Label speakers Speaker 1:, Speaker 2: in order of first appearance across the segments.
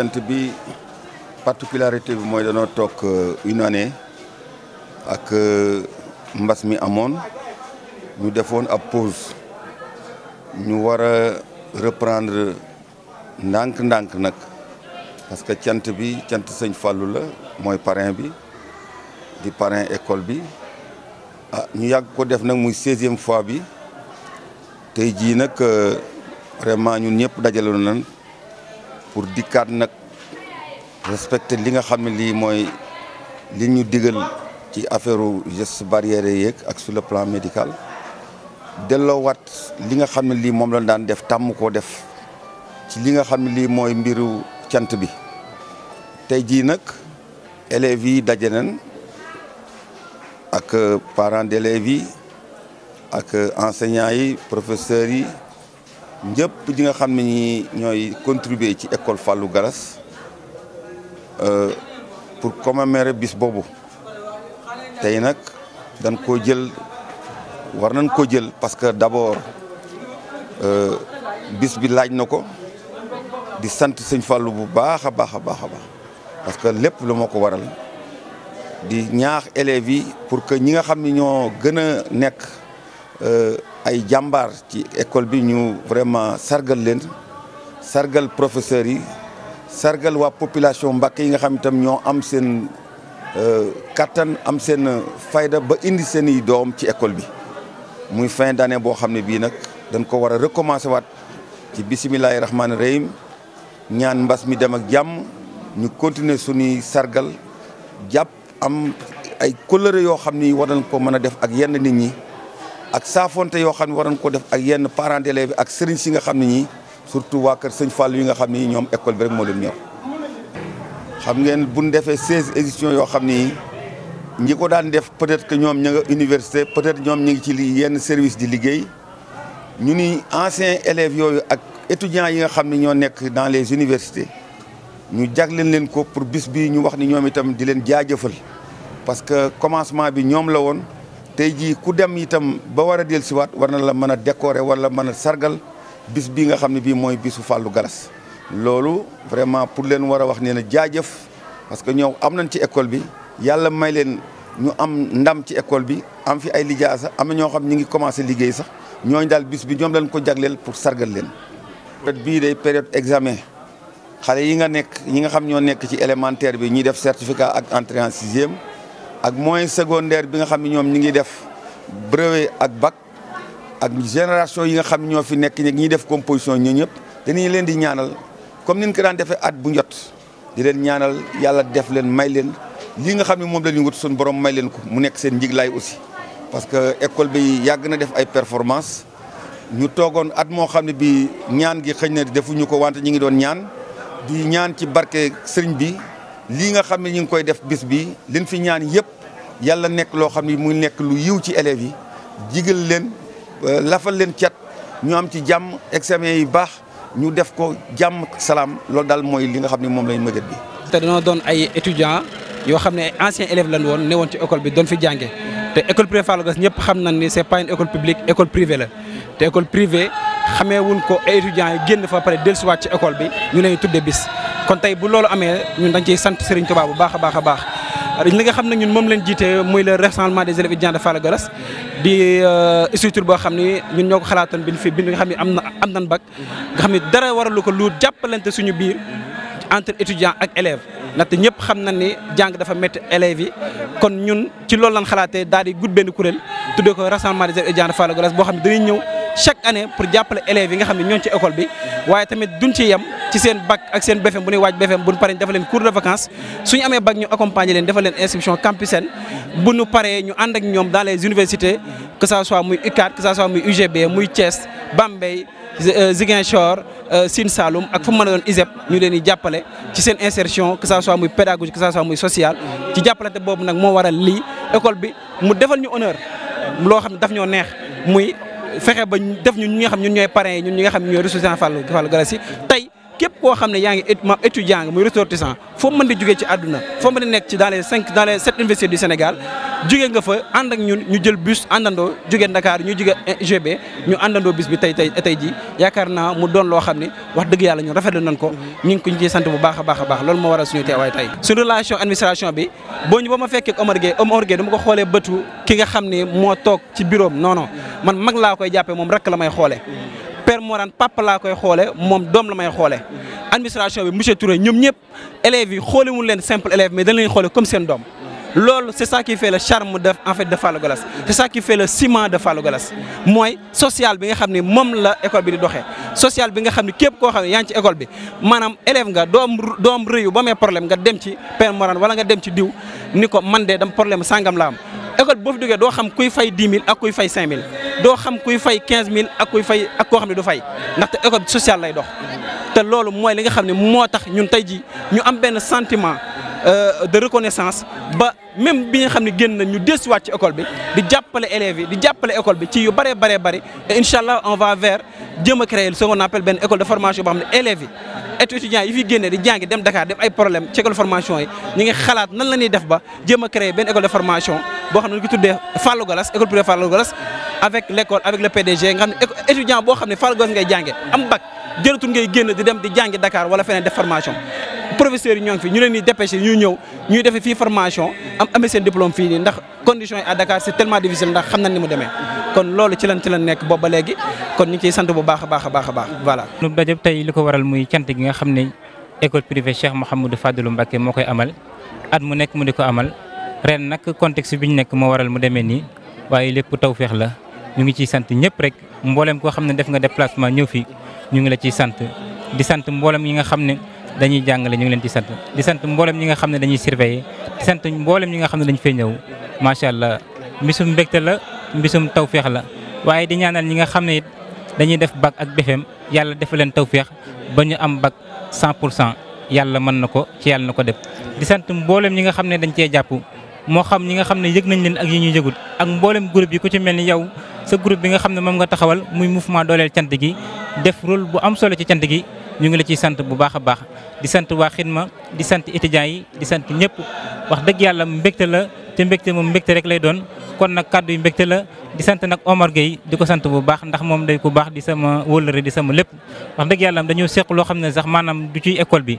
Speaker 1: cant bi particularité bi mooy danoo toog euh, une année ak euh, mbas mi amoon ñu defoon ab pause ñu war a reprendre ndànk-ndànk nag parce que cant bi cant sëñ Fallou la mooy parrain bi di parrain école bi a ah, ñu yàgg ko def nag muy seizième fois bi tey jii nag euh, vraiment ñun ñëpp dajaloon nañ pour dikkaat nag respecter li nga xam ne lii mooy li ñu digal ci affaire geste barrière yeeg ak sur le plan médical delloowaat li nga xam ne lii moom lañ daan def tàmm koo def ci li nga xam ne lii mooy mbiru cant bi tey jii nag élèves yi daje nañ ak parents d'élèves yi ak enseignants yi professeurs yi ñëpp ñi nga xam ne ñi ñooy contribuer ci école Fallou Galass euh, pour commémorer bis boobu tey nag dañ koo jël war nañ koo jël parce que d'abord euh, bis bi laaj na ko di sant sëñ Fallou bu baax a baax a baax parce que lépp lu moo ko waral di ñaax élèves yi pour que ñi nga xam ni ñoo gën a nekk euh, ay jàmbaar ci école bi ñu vraiment sargal leen sargal professeur yi sargal waa population Mbacké yi nga xam itam ñoo am seen euh, kattan am seen fayda ba indi seen i doom ci école bi muy fin d'année boo xam ne bii nag dañ ko war a recommencer waat ci bisimilahi rahmaani rahim ñaan mbas mi dem ak jàmm ñu continuer suñuy sargal jàpp am ay kóllëre yoo xam ni war nañ ko mën a def ak yenn nit ñi ak saafonte yoo xam ne waroon ko def ak yenn parents d'élèves bi ak sëriñ si nga xam ne ñii surtout waa kër sëñ Fall yi nga xam ne ñoom école bi rek moo leen ñor xam ngeen bu ñu defee seize éditions yoo xam ni ñi ko daan def peut-être que ñoom ña nga université peut-être ñoom ñu ngi ci li yenn service di liggéey ñu ni anciens élèves yooyu ak étudiants yi nga xam ne ñoo nekk dans les universités ñu jagleen leen ko pour bis bi ñu wax ni ñoom itam di leen jaajëfal parce que commencement bi ñoom la woon. tey jii ku dem itam ba war a dellusiwaat war na la mën a décorer wala mën a sargal bis bii nga xam ne bii mooy bisu Fallou Galas loolu vraiment pour leen war a wax ne na jaajëf parce que ñoom am nañ ci école bi yàlla may leen ñu am ndam ci école bi am fi ay lijaasa am na ñoo xam ñu ngi commencé liggéey sax ñooñu daal bis bi ñoom lañ ko jagleel pour sargal leen. période bii day période examen xale yi nga nekk ñi nga xam ñoo nekk ci élémentaire bi ñuy def certificat ak entrée en ak moyen secondaire bi nga xam ne ñoom ñi ngi def brevet ak bac ak génération yi nga xam ne ñoo fi nekk ñi def composition ñoo ñëpp dañuy leen di ñaanal comme ni ko daan defee at bu njot di leen ñaanal yàlla def leen may leen lii nga xam ne moom la ñu wut suñu borom may leen ko mu nekk seen njiglaay aussi. parce que école bi yàgg na def ay performance ñu toogoon at moo xam ne bi ñaan gi xëñ na defuñu ko wante ñu ngi doon ñaan di ñaan ci barke sëriñ bi. lii nga xam ne ñu ngi koy def bis bi liñ fi ñaan yëpp yàlla nekk loo xam ne muy nekk lu yiw ci élèves yi jigal leen euh, lafal leen cat ñu am ci jàmm examen yi baax ñu def ko jàmm salaam loolu daal mooy li nga xam ni moom lañ mëgët bi. te
Speaker 2: dañoo doon ay étudiants yoo xam ne ay anciens élèves lañ woon ne woon ci école bi doon fi jànge te école privée Fallou Gass ñëpp xam nañ ni c'est pas une école publique école privée la te école privée xamee wuñ ko ay étudiants yi génn fa pare dellusiwaat ci école bi ñu bis. kon tey bu loolu amee ñun dañ ciy sant Serigne Touba bu baax a baax a baax li nga xam ne ñun moom leen jiite muy le rassemblement des élèves étudiants de Fallou Galass di euh, structure boo xam ne ñun ñoo ko xalaatoon bi fi bi nga xam ne am na am nan bac nga xam ne dara waralu ko lu jàppalante suñu biir entre étudiants ak élèves ndaxte ñëpp xam na ni jàng dafa métti élèves yi kon ñun ci loolu lañ xalaatee daal di gudd benn kurel tuddee ko rassemblement des élèves étudiants de Fallou boo xam ne dañuy ñëw chaque année pour jàppale élèves yi nga xam ne ñoo ci école bi waaye tamit duñ ci yem ci seen bag ak seen BFEM bu ñuy waaj BFEM bu ñu paree dafa leen cours de vacances su ñu amee bac ñu accompagner leen dafa leen inscription campusenne bu nu paree ñu ànd ak ñoom dans les universités que ça soit muy UCAD que ça soit muy UGB muy Thiès Bambey euh, Ziguinchor euh, Sine Saloum ak fu mu mën a doon ISEP ñu leen di jàppale ci seen insertion que ça muy pédagogique que ça muy social ci jàppalante boobu nag moo waral lii école bi mu defal ñu honneur loo xam ne daf ñoo neex muy fexe ba def ñu ñi xam ñun ñooy parents yi ñun ñi nga xam ñooy ressources en Fallou Fallou Galassy tey képp koo xam ne yaa ngi étudiant nga muy ressortissant foo mën di jugee ci àdduna foo mën di nekk ci dans les cinq dans les sept universités du Sénégal jugee nga fa ànd ak ñun ñu jël bus àndandoo jugee Dakar ñu jugee GB ñu àndandoo bus bi tey tey tey jii yaakaar naa mu doon loo xam ne wax dëgg yàlla ñun rafetlu nañ ko ñu ngi ko ñu sant bu baax a baax a baax loolu moo waral suñu teewaay tey suñu relation administration bi boo ñu ba ma fekkee Omar Gueye Omar Gueye dama ko xoolee bëtu ki nga xam ne moo toog ci bureau non man mag laa koy jàppee moom rek la may xoolee père Morane papa laa koy xoole moom doom la may xoole administration bi monsieur Touré ñoom ñëpp élèves yi xoole leen simple élève mais dañ leen xoole comme seen doom loolu c' est ça qui fait le charme de en de Fallou Galass c' ça qui fait le ciment de Fallou Galass mooy social bi nga xam ni moom la école bi di doxe social bi nga xam ne képp koo xam ne yaa ngi ci école bi maanaam élève nga doom doom ba mee problème nga dem ci père Morane wala nga dem ci d ni ko man de dam problème sàngam la am école boo fi duggee doo xam kuy fay 10000 ak kuy fay 5000 doo xam kuy fay 15000 ak kuy fay ak koo xam ne du fay ndaxte école sociale lay dox te loolu mooy li nga xam ne moo tax ñun tey ji ñu am benn sentiment euh, de reconnaissance ba même bi nga xam ne génn na ñu desuwaat ci école bi di jàppale élèves yi di jàppale école bi ci yu bëree bëree bëri et incha allah on va vers jéem a créer ce qu'on appelle benn école de formation boo xam ne élèves yi étudiants yi fi génnee di jàngi dem Dakar def ay problème ci yi ñu ngi xalaat nan la ñuy def ba jéem a créer benn école formation boo xam ne ñu ko tuddee Fallou Gallas école privée Fallou Gallas avec l' école avec le PDG nga xam ne étudiant boo xam ne Fallou Gallas ngay jànge am bac jëlatul ngay génn di dem di jàngi Dakar wala feneen def formation professeurs yi ñoo ngi fi ñu leen di dépêché ñu ñëw ñuy defee fii formation am amee seen diplôme fii nii ndax conditions yi à Dakar c' est tellement difficile ndax xam nañ ni mu demee kon loolu ci lan ci lan nekk boobu ba léegi kon ñu ngi ciy sant bu baax a baax a baax a baax
Speaker 3: voilà. nu daje tey li ko waral muy cant gi nga xam ne école privée Cheikh Mouhamadou Fadilou Mbacké moo koy amal at mu nekk mu di ko amal ren nag contexte bi ñu nekk moo waral mu demee nii waaye lépp tawféex la ñu ngi ciy sant ñëpp rek mboolem koo xam ne def nga déplacement ñëw fi ñu ngi la ciy sant di sant mbooleem yi nga xam ne dañuy jàngale ñu ngi leen ci sant di sant mbooleem ñi nga xam ne dañuy surveiller di sant mboolem ñi nga xam ne dañu fee ñëw macha allah mbisum mbégte la mbisum tawféex la waaye di ñaanal ñi nga xam ne it dañuy def bac ak BFEM yàlla defal leen tawféex ba ñu am bac 100 pour cent yàlla mën na ko ci yàlla na ko def moo xam ñi nga xam ne yëg nañ leen ak yi ñuy yëgut ak mboolem groupe yi ku ci mel ni yow sa groupe bi nga xam ne moom nga taxawal muy mouvement dooleel cant gi def rôle bu am solo ci cant gi ñu ngi la ciy sant bu baax a baax di sant waa xidma di sant étudiants yi di sant ñëpp wax dëgg yàlla mbégte la te mbégte moom mbégte rek lay doon kon nag kàddu yi mbégte la di sant nag Omar Gueye di ko sant bu baax ndax moom day ku baax di sama wóllëre di sama lépp wax dëgg yàlla dañoo seq loo xam ne sax maanaam du ciy école bi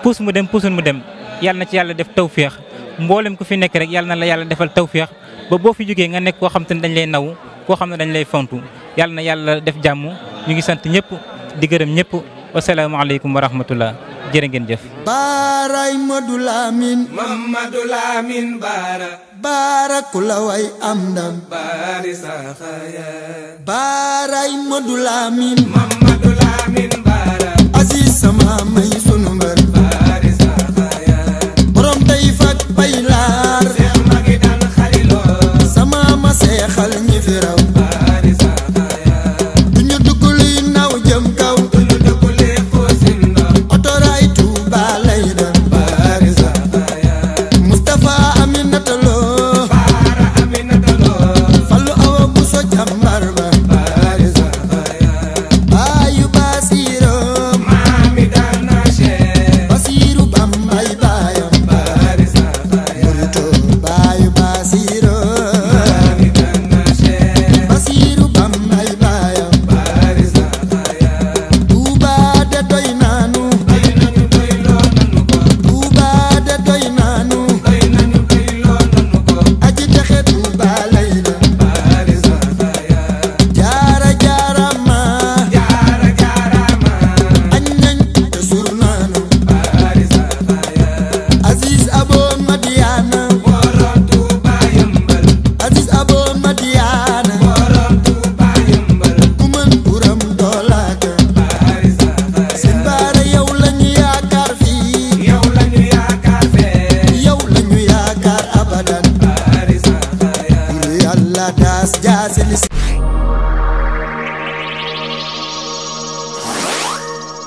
Speaker 3: puus mu dem puusul mu dem yàlla na ci yàlla def tawféex mboolem ku fi nekk rek yàlla na la yàlla defal tawféex ba boo fi jógee nga nekk koo xam te ne dañ lay naw koo xam ne dañ lay fontu yàlla na yàlla def jàmm ñu ngi sant ñëpp di gërëm ñëpp wasalaamaaleykum wa rahmatullah jërë ngeen jëf.
Speaker 4: Baaray Madou Lamine. Mamadou Lamine Baara. Baara ku la way am ndam. Baari saxaaya. Baaray Madou Lamine. Mamadou Lamine Baara. Aziz sama may sunu mbër.